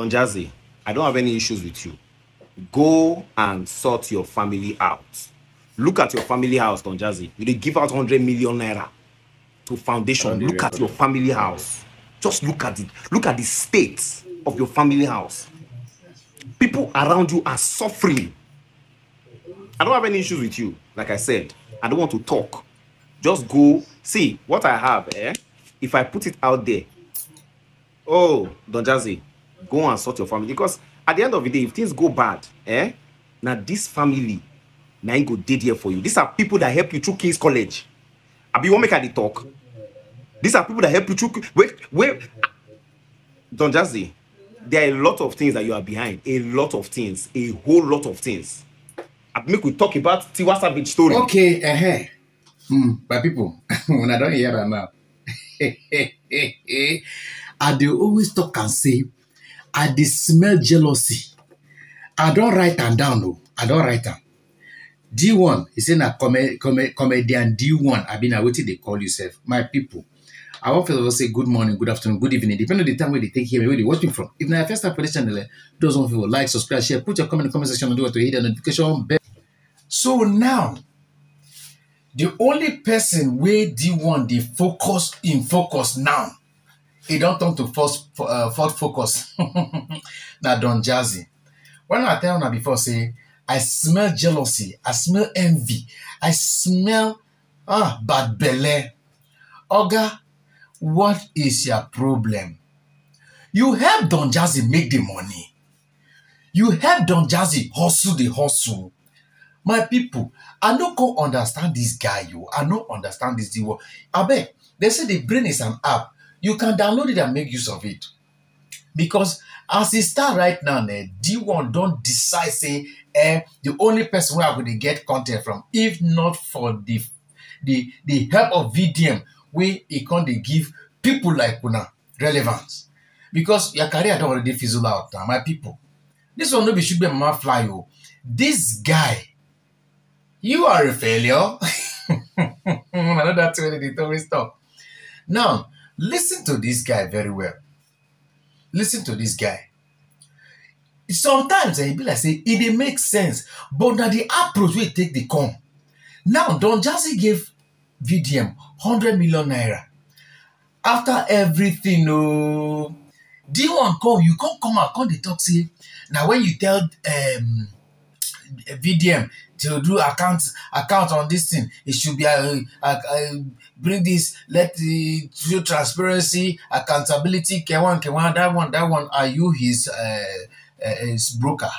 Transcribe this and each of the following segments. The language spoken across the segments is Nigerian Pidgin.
Donjazi, I don't have any issues with you. Go and sort your family out. Look at your family house, Donjazi. You did give out 100 million naira to foundation. Look at your family house. Just look at it. Look at the state of your family house. People around you are suffering. I don't have any issues with you. Like I said, I don't want to talk. Just go see what I have. Eh? If I put it out there, oh, Donjazi, go and sort your family because at the end of the day if things go bad eh Now this family na im go dey there for you these are people that help you through king's college abi wan make i dey talk these are people that help you through wait wait Don't just say. there are a lot of things that you are behind a lot of things a whole lot of things abi make we talk about tiwa savage story. okay uh -huh. hmm, my people una don hear am now i do always talk and say I dey smell jealousy. I don't write them down oh. don't write them. D1, he say na comedian D1, I've been awaiting. They call yourself My people. I wan first say good morning, good afternoon, good evening, depending on the time where they take here, where they watch me from. If na first time for dis channel, eh, those of one favor, like, subscribe, share, put your comment in the comment section, and do what to hit the notification bell. So now, the only person where D1 they focus in focus now He don't turn to first uh, fourth focus na don jazzy when i tell una before say i smell jealousy i smell envy i smell ah bad belle oga what is your problem you help don jazzy make the money you help don jazzy hustle the hustle my people i no go understand this guy yo i no understand this thing well abeg they say the brain is an app you can download it and make use of it because as e start right now eh, d1 don decide say eh, the only person wey i go dey get content from if not for the the the help of vdm wey e come dey give people like una relevance because your career don already fizzle out na my people this one no be shugbe mama fly o this guy you are a failure na another thing wey dey always talk now Listen to this guy very well. Listen to this guy. Sometimes eh, I be like say it dey make sense but na the approach wey e take dey come. Now Don Jazzy give VDM hundred million naira after everything ooo. Oh, D1 come you come come out come dey talk say na when you tell um, VDM to do account account on this thing. It should be uh, uh, uh, bring this let the through transparency, accountability. K1, K1, that one, that one. Are you his uh, uh, his broker?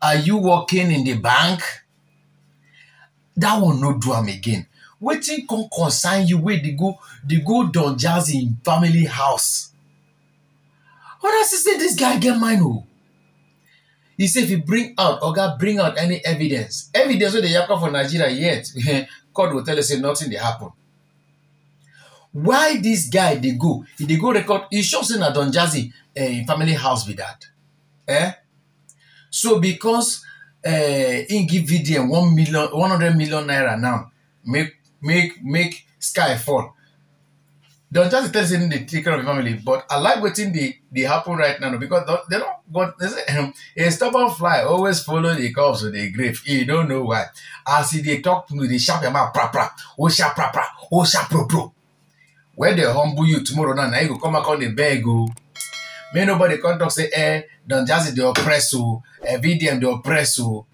Are you working in the bank? That one no do him again. Waiting come consign you wey they go they go don jazz in family house? Una see say this guy get mind oo. Oh. He say if you bring out, Oga, bring out any evidence. Evidence wey dey yakpa for Nigeria yet, God eh, go tell you say nothing dey happen. Why dis guy dey go? He dey go record, He sure say na Don Jazzy uh, family house be that. Eh? So because uh, give VDM one million, one hundred million naira now, make make make sky fall. Don't just tell saying they take care of the family, but I like waiting they, they happen right now because they don't go. they say, um, a stubborn fly always follow the cops to the grave. You don't know why. As see they talk to me, they sharp your mouth, pra pra, oh sharp pra pra, oh sharp pro pro. Where they humble you tomorrow now, na you go come back on the beg. Oh. May nobody come talk say, eh, don't just the oppress you, oh. eh, VDM the oppress you, oh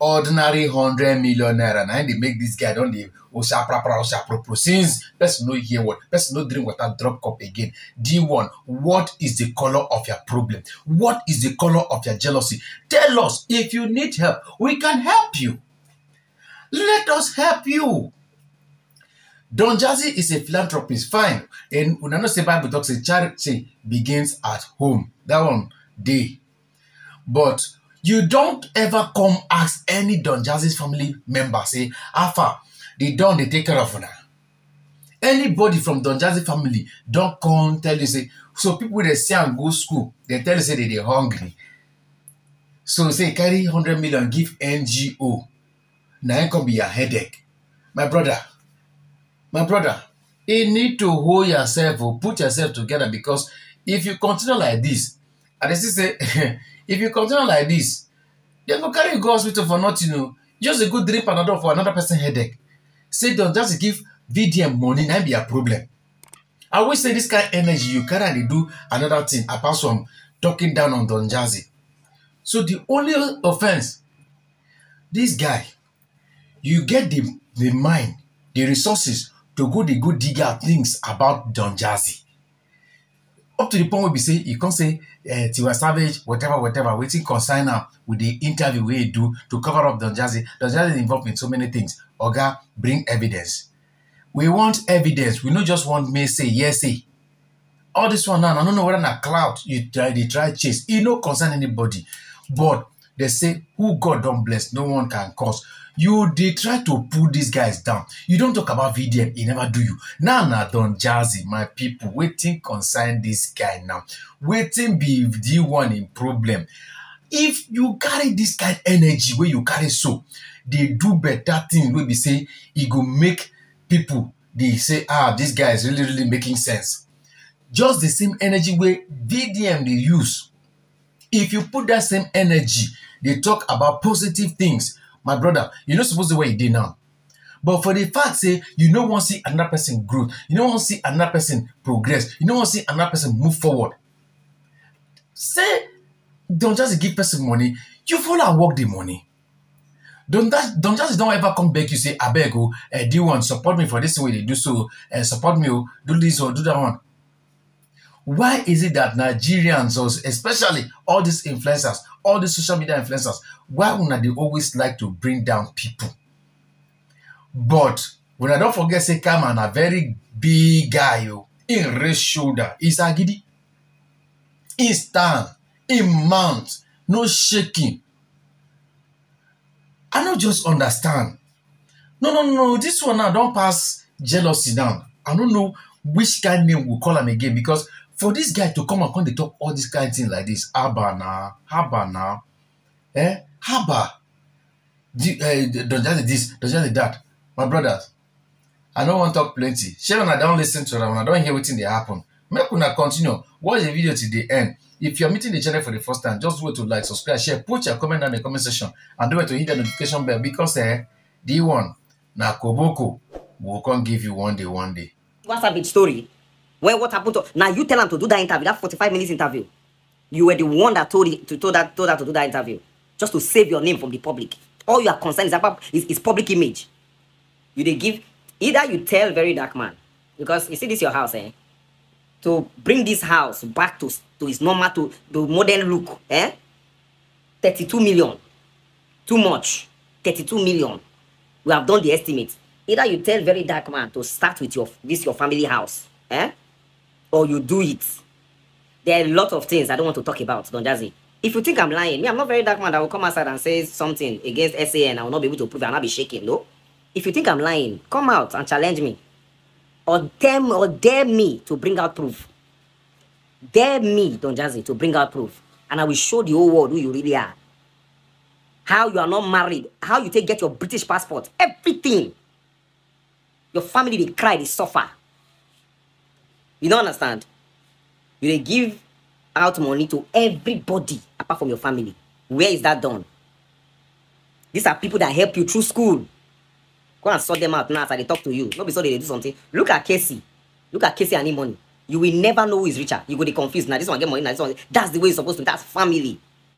ordinary hundred million naira na dey make this guy don dey osaprapra oh, osapropro oh, since person no hear word person no drink water drop cup again d1 what is the colour of your problem what is the colour of your jealousy tell us if you need help we can help you let us help you don jazzy is a philanthropist fine and una know say bible talk say charity begins at home that one dey but you don't ever come ask any Don Jazzy's family member, say, Alpha, they don't they take care of una. Anybody from Don Jazzy family don't come tell you, say, so people they say and go school, they tell you, say, they, they hungry. So say, e carry 100 million, give NGO. Now it can be a headache. My brother, my brother, you e need to hold yourself or put yourself together because if you continue like this, and they say, If you continue like this, dem go carry you go hospital for nothing o. Oh. Just dey go drink panadol for another person headache. Say Don just give VDM money na be your problem. I wish say this kind of energy you carry dey do another thing apart from talking down on Don Jazzy. So the only offense, this guy, you get the the mind, the resources to go dey go dig out things about Don Jazzy up to the point wey be say e come say uh, tiwa savage whatever whatever wetin concern am with the interview wey e do to cover up don jazzy don jazzy dey involved in so many things oga bring evidence we want evidence we no just want make say yes say all this one now i no know whether na cloud you try dey try chase e no concern anybody but They say, who God don't bless, no one can curse. You they try to pull these guys down. You don't talk about VDM, he never do you. Now, nah, now, nah, Don Jazzy, my people, waiting concern this guy now. Waiting be the one in problem. If you carry this kind energy where you carry so, they do better thing where we say it e go make people they say, ah, this guy is really, really making sense. Just the same energy way VDM they use If you put that same energy, they talk about positive things. My brother, You know, suppose the way you did now. But for the fact, say you don't want see another person growth, you don't want see another person progress, you don't want see another person move forward. Say, don't just give person money, you follow and work the money. Don't that don't just don't ever come back. You say, I beg oh, eh, you, uh, do one support me for this way they do so, uh, support me, oh, do this or do that one why is it that Nigerians, especially all these influencers, all these social media influencers, why would they always like to bring down people? But when I don't forget, say Kaman, a very big guy, in oh. raised shoulder, he's agidi, in stand, he mount, no shaking. I don't just understand. No, no, no, this one I don't pass jealousy down. I don't know which kind name we call him again because for this guy to come and come dey talk all this kind of thing like this, haba na haba na eh haba di eh, don just this, don just that, my brothers i no wan talk plenty shey una don lis ten to una una don hear wetin dey happen make una continue watch the video till the end if you are meeting the channel for the first time just wait to like subscribe share put your comment down in the comment section and don't wait to hit the notification bell because eh the one na koboko we go come give you one day one day. whatsapp story Well, what happened to now? You tell him to do that interview, that 45 minutes interview. You were the one that told him to told that told that to do that interview, just to save your name from the public. All you are concerned is about is, is public image. You they give either you tell very dark man because you see this your house, eh? To bring this house back to to its normal to the modern look, eh? 32 million. Too much. 32 million. We have done the estimate. Either you tell very dark man to start with your this your family house, eh? or you do it. There are a lot of things I don't want to talk about, Don Jazzy. If you think I'm lying, me, I'm not very dark man that will come outside and say something against SAN. I will not be able to prove it. I'll not be shaking, no? If you think I'm lying, come out and challenge me. Or dare, or dare me to bring out proof. Dare me, Don Jazzy, to bring out proof. And I will show the whole world who you really are. How you are not married. How you take get your British passport. Everything. Your family, they cry, they suffer. You don't understand. You they give out money to everybody apart from your family. Where is that done? These are people that help you through school. Go and sort them out now as they talk to you. Not before they do something. Look at Casey. Look at Casey and money. You will never know who is richer. You go to confused now. This one get money now. This one. That's the way it's supposed to. Be. That's family.